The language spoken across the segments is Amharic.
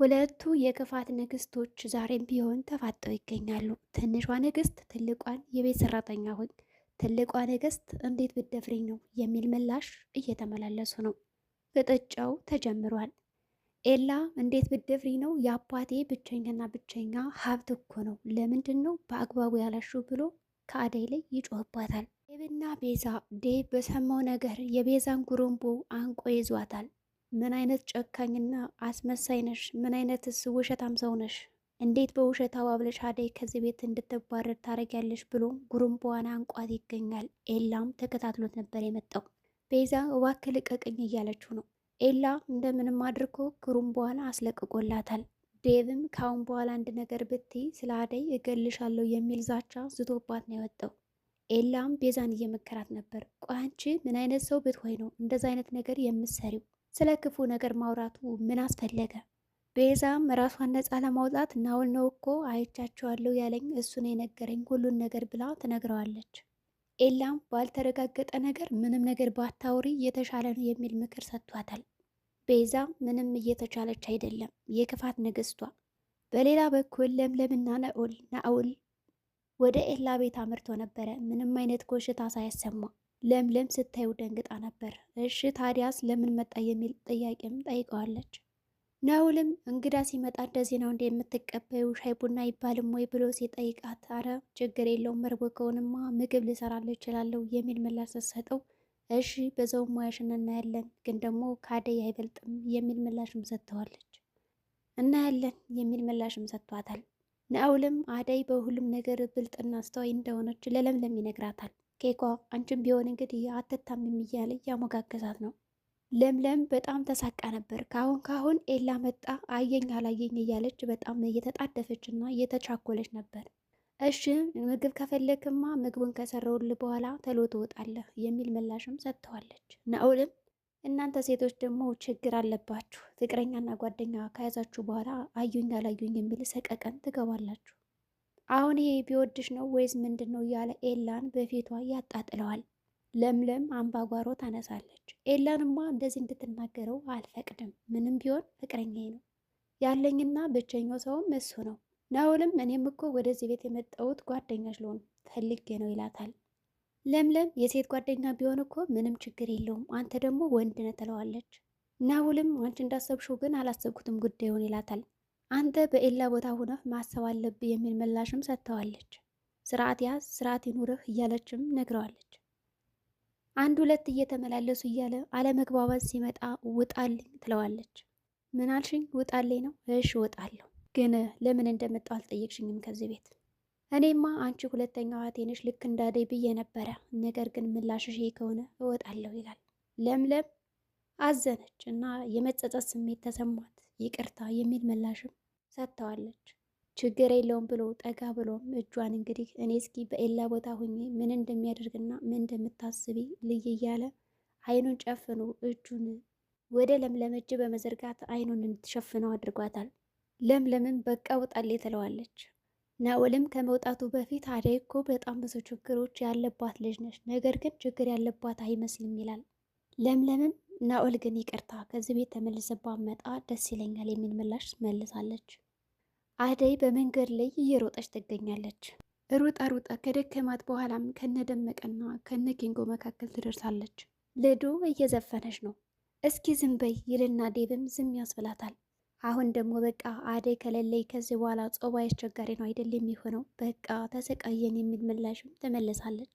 ሁለቱ የክፋት ንግስቶች ዛሬም ቢሆን ተፋጠው ይገኛሉ። ትንሿ ንግስት ትልቋን የቤት ሰራተኛ ሆይ ትልቋ ንግስት እንዴት ብደፍሪኝ ነው የሚል ምላሽ እየተመላለሱ ነው። ፍጥጫው ተጀምሯል። ኤላ እንዴት ብደፍሪ ነው የአባቴ ብቸኛና ብቸኛ ሀብት እኮ ነው፣ ለምንድን ነው በአግባቡ ያላሹ ብሎ ከአደይ ላይ ይጮህባታል። ዴብና ቤዛ ዴብ በሰማው ነገር የቤዛን ጉሮምቦ አንቆ ይዟታል። ምን አይነት ጨካኝና አስመሳይ ነሽ? ምን አይነትስ ውሸታም ሰው ነሽ? እንዴት በውሸት አባብለሽ አደይ ከዚህ ቤት እንድትባረር ታደርጊያለሽ? ብሎ ጉሩምቧን አንቋት ይገኛል። ኤላም ተከታትሎት ነበር የመጣው። ቤዛ እባክህ ልቀቀኝ እያለችው ነው። ኤላ እንደምንም አድርጎ ጉሩምቧን አስለቅቆላታል። ዴቭም ከአሁን በኋላ አንድ ነገር ብትይ ስለ አደይ እገልሻለሁ የሚል ዛቻ ዝቶባት ነው የወጣው። ኤላም ቤዛን እየመከራት ነበር። ቆይ አንቺ ምን አይነት ሰው ብትሆይ ነው እንደዚ አይነት ነገር የምትሰሪው? ስለ ክፉ ነገር ማውራቱ ምን አስፈለገ? ቤዛም ራሷን ነፃ ለማውጣት ናውል ነው እኮ አይቻቸዋለሁ ያለኝ እሱን የነገረኝ ሁሉን ነገር ብላ ትነግረዋለች። ኤላም ባልተረጋገጠ ነገር ምንም ነገር ባታውሪ እየተሻለ ነው የሚል ምክር ሰጥቷታል። ቤዛ ምንም እየተቻለች አይደለም፣ የክፋት ንግስቷ። በሌላ በኩል ለምለምና ናኦል ናኦል ወደ ኤላ ቤት አምርቶ ነበረ ምንም አይነት ኮሽታ ሳያሰማ ለምለም ስታየው ደንግጣ ነበር። እሺ ታዲያስ ለምን መጣ የሚል ጥያቄም ጠይቀዋለች። ናውልም እንግዳ ሲመጣ እንደዚህ ነው እንደ የምትቀበዩ ሻይ ቡና ይባልም ወይ ብሎ ሲጠይቃት፣ አረ ችግር የለውም መርቦ ከሆንማ ምግብ ልሰራለሁ እችላለሁ የሚል ምላሽ ስትሰጠው፣ እሺ በዛው ሙያሽን እናያለን ግን ደግሞ ከአደይ አይበልጥም የሚል ምላሽም ሰጥተዋለች። እናያለን የሚል ምላሽም ሰጥቷታል። ናውልም አደይ በሁሉም ነገር ብልጥና አስተዋይ እንደሆነች ለለምለም ይነግራታል። ኬኳ አንቺም ቢሆን እንግዲህ አትታምም እያለ ያሞጋገዛት ነው። ለምለም በጣም ተሳቃ ነበር። ካሁን ካሁን ኤላ መጣ አየኝ አላየኝ እያለች በጣም እየተጣደፈች እና እየተቻኮለች ነበር። እሺ ምግብ ከፈለክማ ምግቡን ከሰራውል በኋላ ተሎ ትወጣለህ የሚል ምላሽም ሰጥተዋለች። ናኦልም እናንተ ሴቶች ደግሞ ችግር አለባችሁ፣ ፍቅረኛና ጓደኛ ከያዛችሁ በኋላ አዩኝ አላዩኝ የሚል ሰቀቀን ትገባላችሁ አሁን ይሄ ቢወድሽ ነው ወይስ ምንድን ነው እያለ ኤላን በፊቷ ያጣጥለዋል። ለምለም አምባጓሮ ታነሳለች። ኤላንማ እንደዚህ እንድትናገረው አልፈቅድም። ምንም ቢሆን ፍቅረኛዬ ነው ያለኝና ብቸኛው ሰውም እሱ ነው። ናውልም እኔም እኮ ወደዚህ ቤት የመጣሁት ጓደኛሽ ልሆን ፈልጌ ነው ይላታል። ለምለም የሴት ጓደኛ ቢሆን እኮ ምንም ችግር የለውም፣ አንተ ደግሞ ወንድ ነህ ትለዋለች። ናውልም አንቺ እንዳሰብሽው ግን አላሰብኩትም ጉዳዩን ይላታል። አንተ በኤላ ቦታ ሆነህ ማሰብ አለብህ የሚል ምላሽም ሰጥተዋለች። ስርዓት ያዝ፣ ስርዓት ይኑርህ እያለችም ነግረዋለች። አንድ ሁለት እየተመላለሱ እያለ አለመግባባት ሲመጣ ውጣልኝ ትለዋለች። ምን አልሽኝ? ውጣልኝ ነው? እሽ እወጣለሁ፣ ግን ለምን እንደመጣሁ አልጠየቅሽኝም ከዚህ ቤት። እኔማ አንቺ ሁለተኛዋ ቴንሽ ልክ እንዳደይ ብዬ ነበረ፣ ነገር ግን ምላሽሽ ከሆነ እወጣለሁ ይላል። ለምለም አዘነች እና የመጸጸት ስሜት ተሰማት። ይቅርታ የሚል ምላሽም ሰጥተዋለች። ችግር የለውም ብሎ ጠጋ ብሎም እጇን እንግዲህ እኔ እስኪ በኤላ ቦታ ሁኜ ምን እንደሚያደርግና ምን እንደምታስቢ ልይ እያለ አይኑን ጨፍኖ እጁን ወደ ለምለም እጅ በመዘርጋት አይኑን እንድትሸፍነው አድርጓታል። ለምለምም በቃ ውጣሌ ትለዋለች። ናኦልም ከመውጣቱ በፊት አደይ እኮ በጣም ብዙ ችግሮች ያለባት ልጅ ነች፣ ነገር ግን ችግር ያለባት አይመስልም ይላል። ለምለምም ናኦል ግን ይቅርታ ከዚህ ቤት ተመልሰባት መጣ ደስ ይለኛል የሚል ምላሽ መልሳለች። አደይ በመንገድ ላይ እየሮጠች ትገኛለች። ሩጣ ሩጣ ከደከማት በኋላም ከነደመቀና ከነኪንጎ መካከል ትደርሳለች። ልዱ እየዘፈነች ነው። እስኪ ዝም በይ ይልና ዴብም ዝም ያስብላታል። አሁን ደግሞ በቃ አደይ ከሌለኝ ከዚህ በኋላ ጾባ አስቸጋሪ ነው አይደል የሚሆነው፣ በቃ ተሰቃየን የሚል ምላሽም ትመልሳለች።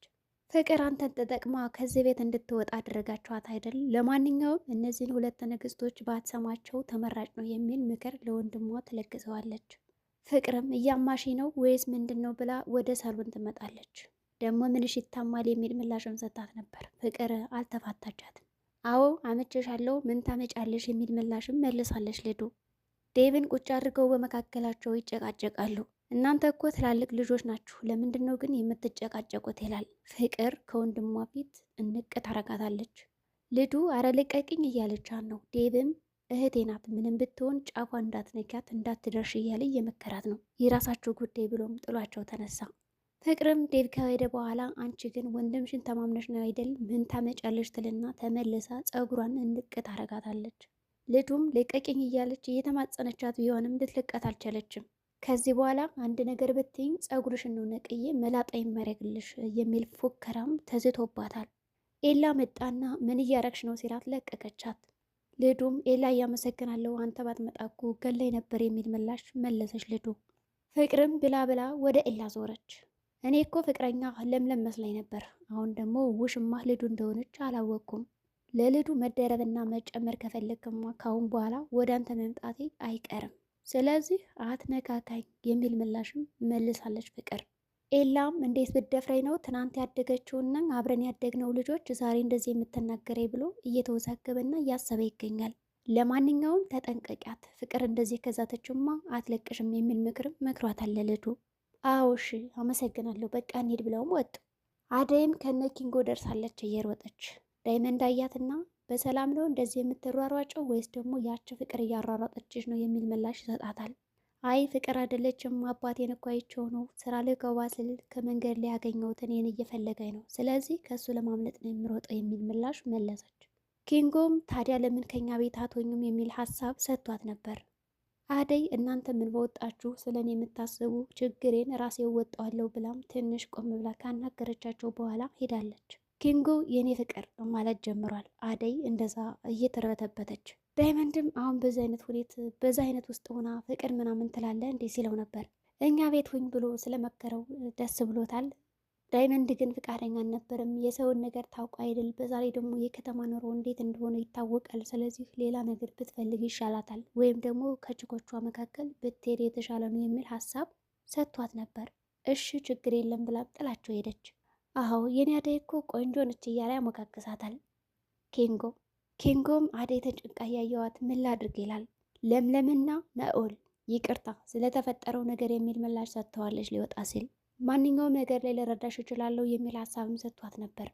ፍቅር አንተን ተጠቅማ ከዚህ ቤት እንድትወጣ አደረጋችኋት አይደል? ለማንኛውም እነዚህን ሁለት ንግስቶች ባትሰማቸው ተመራጭ ነው የሚል ምክር ለወንድሟ ትለግሰዋለች። ፍቅርም እያማሺ ነው ወይስ ምንድን ነው ብላ ወደ ሳሎን ትመጣለች። ደግሞ ምንሽ ይታማል የሚል ምላሽም ሰጣት ነበር። ፍቅር አልተፋታቻትም። አዎ አመቸሻለሁ፣ ምን ታመጫለሽ የሚል ምላሽም መልሳለች። ልዱ ዴቭን ቁጭ አድርገው በመካከላቸው ይጨቃጨቃሉ። እናንተ እኮ ትላልቅ ልጆች ናችሁ፣ ለምንድን ነው ግን የምትጨቃጨቁት? ይላል ፍቅር ከወንድሟ ፊት እንቅ ታረጋታለች። ልዱ አረ ልቀቅኝ እያለቻት ነው። ዴብም እህቴ ናት፣ ምንም ብትሆን ጫፏ እንዳትነኪያት እንዳትደርሽ እያለ እየመከራት ነው። የራሳቸው ጉዳይ ብሎም ጥሏቸው ተነሳ። ፍቅርም ዴብ ከሄደ በኋላ አንቺ ግን ወንድምሽን ተማምነሽ ነው አይደል? ምን ታመጫለሽ? ትልና ተመልሳ ጸጉሯን እንቅ ታረጋታለች። ልዱም ልቀቅኝ እያለች እየተማጸነቻት ቢሆንም ልትለቃት አልቻለችም። ከዚህ በኋላ አንድ ነገር ብትይኝ ጸጉርሽ ነው ነቅዬ መላጣ ይመረግልሽ የሚል ፉከራም ተዝቶባታል። ኤላ መጣና ምን እያረግሽ ነው ሲላት ለቀቀቻት። ልዱም ኤላ እያመሰግናለሁ፣ አንተ ባትመጣ እኮ ገላይ ነበር የሚል ምላሽ መለሰች። ልዱ ፍቅርም ብላ ብላ ወደ ኤላ ዞረች። እኔ እኮ ፍቅረኛ ለምለም መስላኝ ነበር፣ አሁን ደግሞ ውሽማ ልዱ እንደሆነች አላወቅኩም። ለልዱ መደረብና መጨመር ከፈለግክማ ካሁን በኋላ ወደ አንተ መምጣቴ አይቀርም። ስለዚህ አትነካካኝ የሚል ምላሽም መልሳለች ፍቅር። ኤላም እንዴት ብደፍረኝ ነው ትናንት ያደገችውና አብረን ያደግነው ልጆች ዛሬ እንደዚህ የምትናገረኝ ብሎ እየተወዛገበና እያሰበ ይገኛል። ለማንኛውም ተጠንቀቂያት ፍቅር እንደዚህ ከዛተችማ አትለቅሽም የሚል ምክርም መክሯት አለ አዎ እሺ አመሰግናለሁ በቃ እንሂድ ብለውም ወጡ። አደይም ከነ ኪንጎ ደርሳለች እየሮጠች ዳይመንድ አያትና በሰላም ነው እንደዚህ የምትሯሯጨው ወይስ ደግሞ ያቺ ፍቅር እያሯሯጠችሽ ነው የሚል ምላሽ ይሰጣታል። አይ ፍቅር አይደለችም አባቴን እኮ አይቼው ነው ስራ ላይ ስል ከመንገድ ላይ ያገኘሁት እኔን እየፈለገኝ ነው፣ ስለዚህ ከእሱ ለማምለጥ ነው የምሮጠው የሚል ምላሽ መለሰች። ኪንጎም ታዲያ ለምን ከኛ ቤት አትሆኝም የሚል ሀሳብ ሰጥቷት ነበር። አደይ እናንተ ምን በወጣችሁ ስለ እኔ የምታስቡ ችግሬን ራሴ እወጣዋለሁ ብላም ትንሽ ቆም ብላ ካናገረቻቸው በኋላ ሄዳለች። ኪንጎ የእኔ ፍቅር ማለት ጀምሯል። አደይ እንደዛ እየተረበተበተች ዳይመንድም አሁን በዚ አይነት ሁኔት በዚ አይነት ውስጥ ሆና ፍቅር ምናምን ትላለ እንዴ ሲለው ነበር። እኛ ቤት ሁኝ ብሎ ስለመከረው ደስ ብሎታል። ዳይመንድ ግን ፍቃደኛ አልነበርም። የሰውን ነገር ታውቁ አይደል? በዛ ላይ ደግሞ የከተማ ኑሮ እንዴት እንደሆነ ይታወቃል። ስለዚህ ሌላ ነገር ብትፈልግ ይሻላታል፣ ወይም ደግሞ ከችኮቿ መካከል ብትሄድ የተሻለ ነው የሚል ሀሳብ ሰጥቷት ነበር። እሺ ችግር የለም ብላ ጥላቸው ሄደች። አዎ የኔ አደይ እኮ ቆንጆ ነች እያለ ያሞጋግሳታል። ኬንጎ ኬንጎም አደይ ተጭንቃ ያየዋት ምን ላድርግ ይላል። ለምለምና ናኦል ይቅርታ ስለተፈጠረው ነገር የሚል ምላሽ ሰጥተዋለች። ሊወጣ ሲል ማንኛውም ነገር ላይ ልረዳሽ እችላለሁ የሚል ሀሳብም ሰጥቷት ነበር።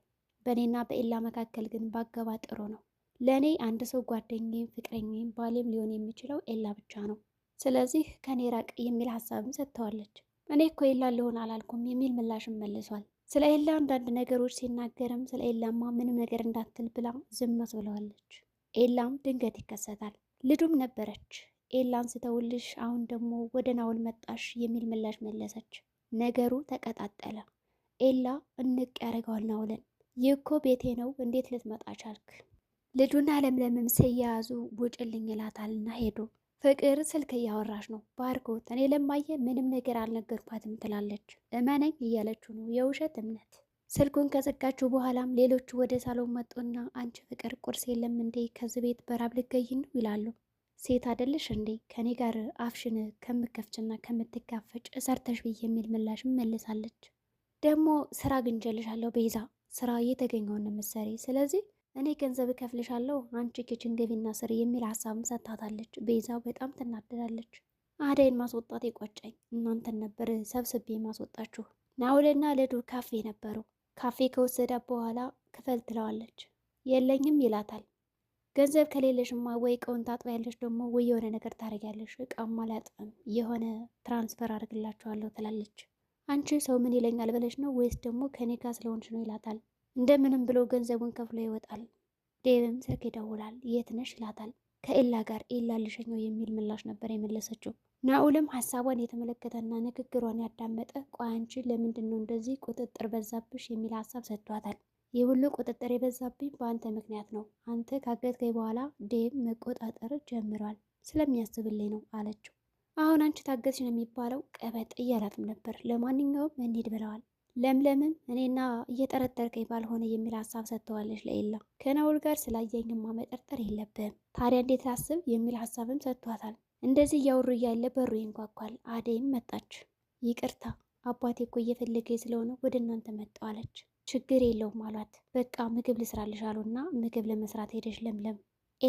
በእኔና በኤላ መካከል ግን ባገባ ጥሩ ነው። ለእኔ አንድ ሰው ጓደኛም፣ ፍቅረኛም፣ ባሌም ሊሆን የሚችለው ኤላ ብቻ ነው። ስለዚህ ከኔ ራቅ የሚል ሀሳብም ሰጥተዋለች። እኔ እኮ ኤላ ልሆን አላልኩም የሚል ምላሽም መልሷል። ስለ ኤላ አንዳንድ ነገሮች ሲናገርም ስለ ኤላማ ምንም ነገር እንዳትል ብላ ዝም ብለዋለች። ኤላም ድንገት ይከሰታል። ልዱም ነበረች። ኤላን ስተውልሽ አሁን ደግሞ ወደ ናውል መጣሽ የሚል ምላሽ መለሰች። ነገሩ ተቀጣጠለ። ኤላ እንቅ ያደርገዋል ናውልን። ይህ እኮ ቤቴ ነው፣ እንዴት ልትመጣ ቻልክ? ልዱና ለምለምም ሲያያዙ ውጭልኝ ይላታልና ሄዱ። ፍቅር ስልክ እያወራች ነው። ባርኮት እኔ ለማየ ምንም ነገር አልነገርኳትም ትላለች። እመነኝ እያለችው ነው፣ የውሸት እምነት። ስልኩን ከዘጋችሁ በኋላም ሌሎቹ ወደ ሳሎን መጡና አንቺ ፍቅር ቁርስ የለም እንዴ? ከዚህ ቤት በራብ ልገይ ነው ይላሉ። ሴት አደልሽ እንዴ? ከኔ ጋር አፍሽን ከምከፍችና ከምትጋፈጭ እሰርተሽ ብዬ የሚል ምላሽ መልሳለች። ደግሞ ስራ ግንጀልሻለሁ ቤዛ፣ ስራ እየተገኘውን ምሰሬ ስለዚህ እኔ ገንዘብ እከፍልሻለሁ አንቺ ኪችን ገቢና ስሪ የሚል ሀሳብም ሰጥታታለች። ቤዛ በጣም ትናደዳለች። አደይን ማስወጣት የቆጨኝ እናንተን ነበር ሰብስቤ ማስወጣችሁ። ናውልና ለዱር ካፌ ነበረው። ካፌ ከወሰዳ በኋላ ክፈል ትለዋለች። የለኝም ይላታል። ገንዘብ ከሌለሽማ ወይ እቃውን ታጥቢያለሽ፣ ደግሞ ወይ የሆነ ነገር ታደርጊያለሽ። እቃማ አላጥፍም፣ የሆነ ትራንስፈር አድርግላችኋለሁ ትላለች። አንቺ ሰው ምን ይለኛል ብለሽ ነው ወይስ ደግሞ ከኔ ጋር ስለሆንሽ ነው ይላታል። እንደምንም ብሎ ገንዘቡን ከፍሎ ይወጣል። ዴብም ስልክ ይደውላል። የት ነሽ ይላታል። ከኤላ ጋር ኤላ ልሸኘው የሚል ምላሽ ነበር የመለሰችው። ናኡልም ሀሳቧን የተመለከተና ንግግሯን ያዳመጠ ቆይ አንቺ ለምንድን ነው እንደዚህ ቁጥጥር በዛብሽ የሚል ሀሳብ ሰጥቷታል። ይህ ሁሉ ቁጥጥር የበዛብኝ በአንተ ምክንያት ነው። አንተ ካገድከኝ በኋላ ዴቭ መቆጣጠር ጀምሯል ስለሚያስብልኝ ነው አለችው። አሁን አንቺ ታገዝሽ ነው የሚባለው ቀበጥ እያላትም ነበር። ለማንኛውም እንሂድ ብለዋል። ለምለምም እኔና እየጠረጠርከኝ ባልሆነ የሚል ሀሳብ ሰጥተዋለች ለኤላ። ከናውል ጋር ስላየኝማ መጠርጠር የለብህም ታዲያ እንዴት ላስብ የሚል ሀሳብም ሰጥቷታል። እንደዚህ እያወሩ እያለ በሩ ይንኳኳል። አደይም መጣች። ይቅርታ አባቴ እኮ እየፈለገ ስለሆነ ወደ እናንተ መጣዋለች። ችግር የለውም አሏት። በቃ ምግብ ልስራልሽ አሉና ምግብ ለመስራት ሄደች ለምለም።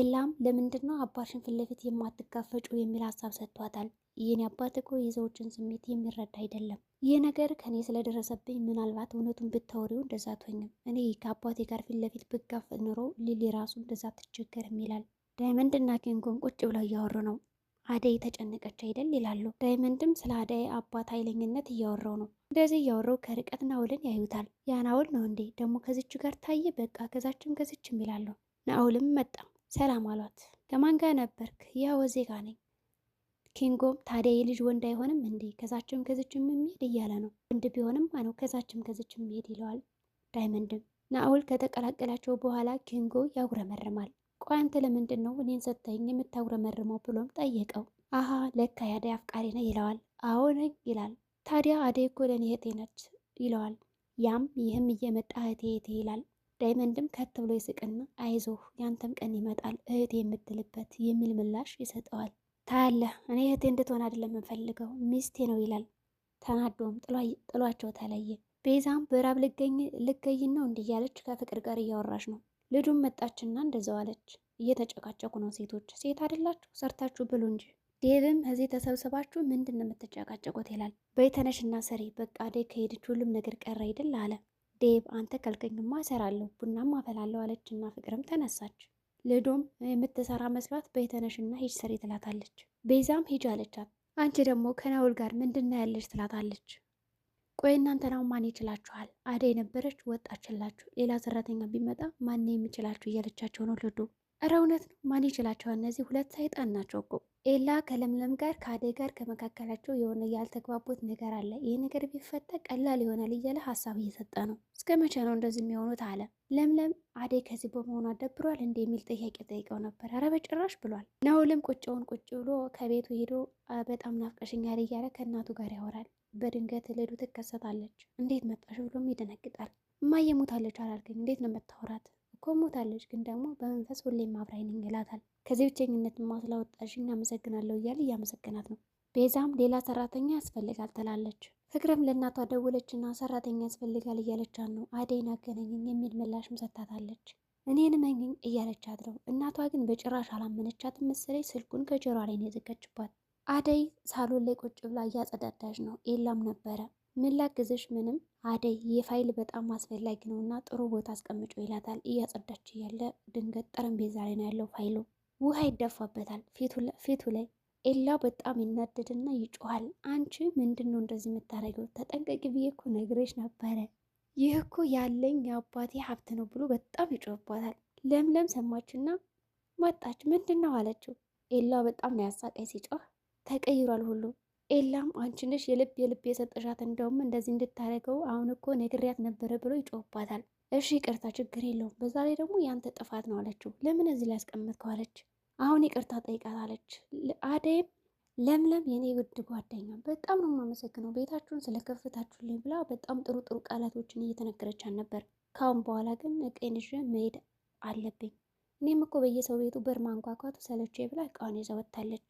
ኤላም ለምንድን ነው አባትሽን ፊት ለፊት የማትጋፈጩ የሚል ሀሳብ ሰጥቷታል። ይህኔ አባት እኮ የሰዎችን ስሜት የሚረዳ አይደለም ይህ ነገር ከኔ ስለደረሰብኝ ምናልባት እውነቱን ብታወሪው እንደዛ አትሆኝም። እኔ ከአባቴ ጋር ፊት ለፊት ብጋፍ ኖሮ ሊሊ ራሱ እንደዛ አትቸገርም ይላል። እና ኪንጎን ቁጭ ብለው እያወሩ ነው። አደይ ተጨነቀች አይደል ይላሉ። ዳይመንድም ስለ አደይ አባት ኃይለኝነት እያወራው ነው። እንደዚህ እያወራው ከርቀት ናውልን ያዩታል። ያ ናውል ነው እንዴ ደግሞ ከዚች ጋር ታየ? በቃ ከዛችም ከዚችም ይላሉ። ናውልም መጣ። ሰላም አሏት። ከማን ጋር ነበርክ? ያ ወዜ ነኝ። ኪንጎም ታዲያ የልጅ ወንድ አይሆንም እንዴ ከዛችም ከዝችም የሚሄድ እያለ ነው። ወንድ ቢሆንም ማነው ከዛችም ከዝችም የሚሄድ ይለዋል። ዳይመንድም ናኦል ከተቀላቀላቸው በኋላ ኪንጎ ያጉረመርማል። ቆይ አንተ ለምንድን ነው እኔን ሰጥተኝ የምታጉረመርመው ብሎም ጠየቀው። አሀ ለካ ያደይ አፍቃሪ ነው ይለዋል። አዎ ነኝ ይላል። ታዲያ አደይ እኮ ለእኔ እህቴ ነች ይለዋል። ያም ይህም እየመጣ እህቴ እህቴ ይላል። ዳይመንድም ከት ብሎ ይስቅና አይዞህ ያንተም ቀን ይመጣል እህቴ የምትልበት የሚል ምላሽ ይሰጠዋል። ታያለህ፣ እኔ እህቴ እንድትሆን አይደለም የምንፈልገው ሚስቴ ነው ይላል። ተናዶም ጥሏቸው ተለየ። ቤዛም በራብ ልገይን ነው እንዲህ እያለች ከፍቅር ጋር እያወራች ነው። ልጁም መጣችና እንደዛው አለች። እየተጨቃጨቁ ነው። ሴቶች ሴት አይደላችሁ ሰርታችሁ ብሉ እንጂ። ዴቭም እዚህ ተሰብስባችሁ ምንድን ነው የምትጨቃጨቁት ይላል። በይተነሽና ሰሪ በቃ ዴ ከሄደች ሁሉም ነገር ቀረ ይድል አለ ዴቭ። አንተ ከልከኝማ እሰራለሁ ቡናም አፈላለሁ አለችና ፍቅርም ተነሳች። ለዶም የምትሰራ መስሏት በየተነሽና ሂጅ ስሪ ትላታለች። ቤዛም ሂጅ አለቻት። አንቺ ደግሞ ከናውል ጋር ምንድና ያለች ትላታለች። ቆይ እናንተ ናው ማን ይችላችኋል? አደ የነበረች ወጣችላችሁ፣ ሌላ ሰራተኛ ቢመጣ ማን የሚችላችሁ እያለቻቸው ነው ልዱ እረ እውነት ነው። ማን ይችላቸዋል? እነዚህ ሁለት ሰይጣን ናቸው እኮ። ኤላ ከለምለም ጋር ከአደይ ጋር ከመካከላቸው የሆነ ያልተግባቡት ነገር አለ። ይህ ነገር ቢፈታ ቀላል ይሆናል እያለ ሀሳብ እየሰጠ ነው። እስከ መቼ ነው እንደዚህ የሚሆኑት? አለ ለምለም። አደይ ከዚህ በመሆኑ አደብሯል እንዲህ የሚል ጥያቄ ጠይቀው ነበር። ኧረ በጭራሽ ብሏል። ናሁልም ቁጭውን ቁጭ ብሎ ከቤቱ ሄዶ በጣም ናፍቀሽኛል እያለ ከእናቱ ጋር ያወራል። በድንገት ልዱ ትከሰታለች። እንዴት መጣሽ ብሎም ይደነግጣል። እማዬ ሞታለች አላልከኝ፣ እንዴት ነው መታወራት እኮ ሞታለች፣ ግን ደግሞ በመንፈስ ሁሌም አብራኝ ነኝ ይላታል። ከዚህ ብቸኝነት ማስላወጣሽኝ አመሰግናለሁ እያለ እያመሰገናት ነው። ቤዛም ሌላ ሰራተኛ ያስፈልጋል ትላለች። ፍቅርም ለእናቷ ደወለችና ሰራተኛ ያስፈልጋል እያለቻት ነው። አደይን አገናኘኝ የሚል ምላሽም ሰጥታታለች። እኔን መኝኝ እያለቻት ነው። እናቷ ግን በጭራሽ አላመነቻትም መሰለኝ። ስልኩን ከጆሮ ላይ ነው የዘጋችባት። አደይ ሳሎን ላይ ቁጭ ብላ እያጸዳዳች ነው። ኤላም ነበረ ምን ላግዝሽ? ምንም አደይ የፋይል በጣም አስፈላጊ ነው እና ጥሩ ቦታ አስቀምጮ ይላታል። እያጸዳች እያለ ድንገት ጠረጴዛ ላይ ነው ያለው ፋይሉ። ውሃ ይደፋበታል ፊቱ ላይ። ኤላ በጣም ይናደድና ይጮኋል። አንቺ ምንድን ነው እንደዚህ የምታደርገው? ተጠንቀቂ ብዬ እኮ ነግሬሽ ነበረ። ይህ እኮ ያለኝ የአባቴ ሀብት ነው ብሎ በጣም ይጮህባታል። ለምለም ሰማችና መጣች። ምንድን ነው አለችው። ኤላ በጣም ነው ያሳቀኝ ሲጮህ። ተቀይሯል ሁሉ ኤላም አንቺ ነሽ የልብ የልብ የሰጠሻት እንደውም እንደዚህ እንድታደርገው አሁን እኮ ነግሬያት ነበረ ብሎ ይጮህባታል። እሺ ይቅርታ፣ ችግር የለውም በዛ ላይ ደግሞ ያንተ ጥፋት ነው አለችው። ለምን እዚህ ላይ ያስቀመጥከው አለች። አሁን ይቅርታ ጠይቃት አለች። አደይም ለምለም የኔ ውድ ጓደኛ በጣም ነው የማመሰግነው ቤታችሁን ስለከፈታችሁልኝ ብላ በጣም ጥሩ ጥሩ ቃላቶችን እየተነገረቻት ነበር። ካሁን በኋላ ግን እቄን መሄድ አለብኝ እኔም እኮ በየሰው ቤቱ በር ማንኳኳቱ ሰለቼ ብላ እቃዋን ይዘወታለች።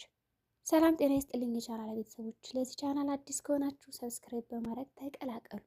ሰላም ጤና ይስጥልኝ የቻናል ቤተሰቦች። ለዚህ ቻናል አዲስ ከሆናችሁ ሰብስክራይብ በማድረግ ተቀላቀሉ።